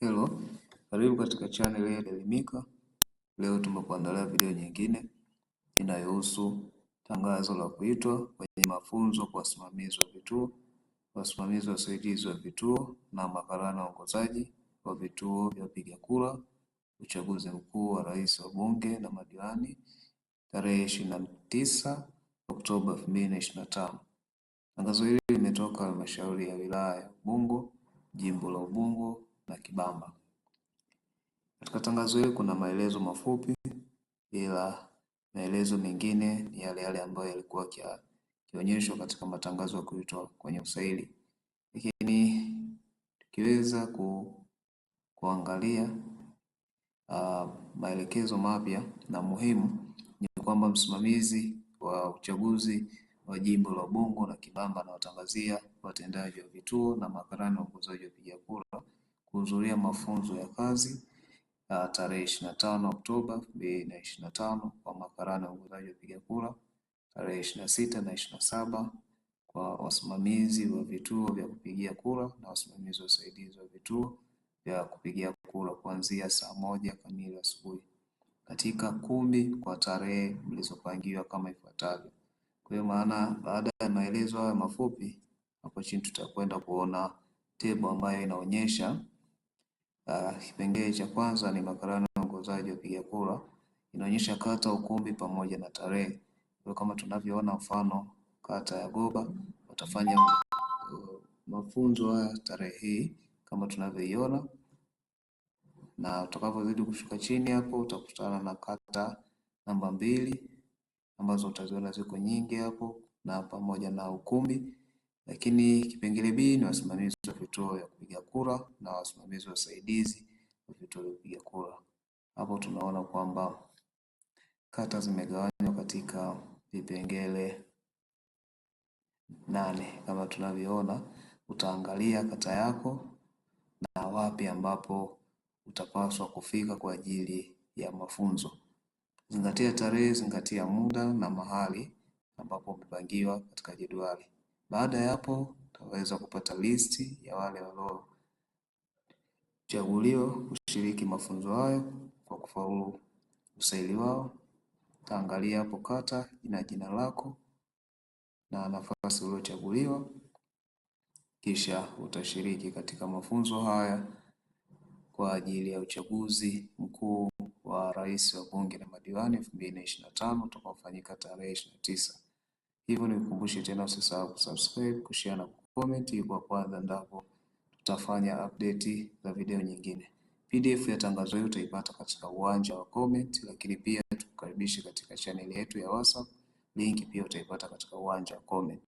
Hello, karibu katika channel ya Elimika. Leo tumekuandalia video nyingine inayohusu tangazo la kuitwa kwenye mafunzo kwa wasimamizi wa vituo, wasimamizi wasaidizi wa vituo na makarani waongozaji wa vituo vya piga kura, uchaguzi mkuu wa rais, wa bunge na madiwani tarehe ishirini na tisa Oktoba elfu mbili na ishirini na tano. Tangazo hili limetoka halmashauri ya wilaya ya Ubungo, jimbo la Ubungo na Kibamba. Katika tangazo hili kuna maelezo mafupi, ila maelezo mengine ni yale yale ambayo yalikuwa yakionyeshwa katika matangazo ya kuitwa kwenye usaili. Lakini tukiweza ku, kuangalia uh, maelekezo mapya na muhimu ni kwamba msimamizi wa uchaguzi wa jimbo la Ubungo na Kibamba anawatangazia watendaji wa vituo na makarani waongozaji wa piga kura kuhudhuria mafunzo ya kazi ah, tarehe ishirini na tano Oktoba elfu mbili na ishirini na tano kwa makarani kura, tarehe ishirini na sita na ishirini na saba kwa wasimamizi wa vituo vya kupigia kura na wasimamizi usaidizi wa vituo vya kupigia kura kuanzia saa moja kamili asubuhi katika kumbi kwa tarehe mlizopangiwa kama ifuatavyo. Kwa hiyo maana, baada ya maelezo haya mafupi, hapo chini tutakwenda kuona tebo ambayo inaonyesha Ah, kipengele cha kwanza ni makarani waongozaji wapiga kura, inaonyesha kata, ukumbi pamoja na tarehe. Kama tunavyoona mfano kata ya Goba watafanya uh, mafunzo haya tarehe hii kama tunavyoiona, na utakapozidi kushuka chini hapo utakutana na kata namba mbili ambazo utaziona ziko nyingi hapo na pamoja na ukumbi, lakini kipengele B ni wasimamizi wa vituo kura na wasimamizi wasaidizi wa vituo vya kupiga kura. Hapo tunaona kwamba kata zimegawanywa katika vipengele nane kama tunavyoona. Utaangalia kata yako na wapi ambapo utapaswa kufika kwa ajili ya mafunzo. Zingatia tarehe, zingatia muda na mahali ambapo umepangiwa katika jedwali. Baada ya hapo, utaweza kupata listi ya wale walio chaguliwa kushiriki mafunzo hayo kwa kufaulu usaili wao. Utaangalia hapo kata ina jina lako na nafasi uliochaguliwa, kisha utashiriki katika mafunzo haya kwa ajili ya uchaguzi mkuu wa rais, bunge na madiwani elfu mbili na ishirini na tano utakaofanyika tarehe ishirini na tisa. Hivyo nikukumbushe tena usisahau kusubscribe, kushare na kucomment kwa kwanza ndapo tutafanya update za video nyingine. PDF ya tangazo hili utaipata katika uwanja wa comment, lakini pia tukukaribishe katika chaneli yetu ya WhatsApp. Linki pia utaipata katika uwanja wa comment.